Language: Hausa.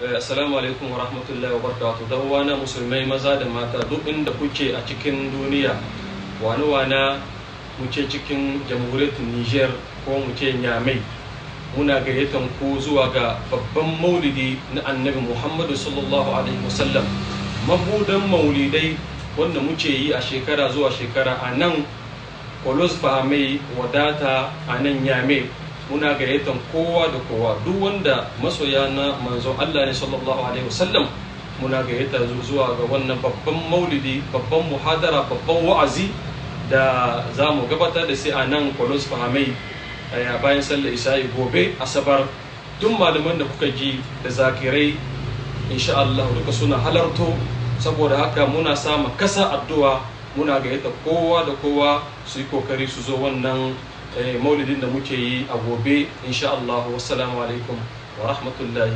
Eh, assalamu alaikum wa rahmatullahi wa barakatuh da na musulmai maza da mata duk inda kuke a cikin duniya wani wana mu ce cikin jamhuriyar niger ko mu ce nyamai muna gayyatan ku zuwa ga babban maulidi na annabi muhammadu sallallahu alaihi wasallam mabudan maulidai wanda muke yi a shekara zuwa shekara a nan kolos ba mai wadata a nan nyamai muna gayyatar kowa da kowa duk wanda masoya na manzon Allah ne sallallahu alaihi wasallam muna gayyata zuwa ga wannan babban maulidi babban muhadara babban wa'azi da za mu gabatar da sai a nan kwalos fahamai eh, a bayan sallar isa'i gobe asabar duk malaman da kuka ji da zakirai insha Allah duka suna halarto saboda haka muna samun kasa addu'a muna gayyata kowa da kowa su yi kokari su zo wannan Eh, maulidin da muke yi a gobe insha Allah wassalamu alaikum wa rahmatullahi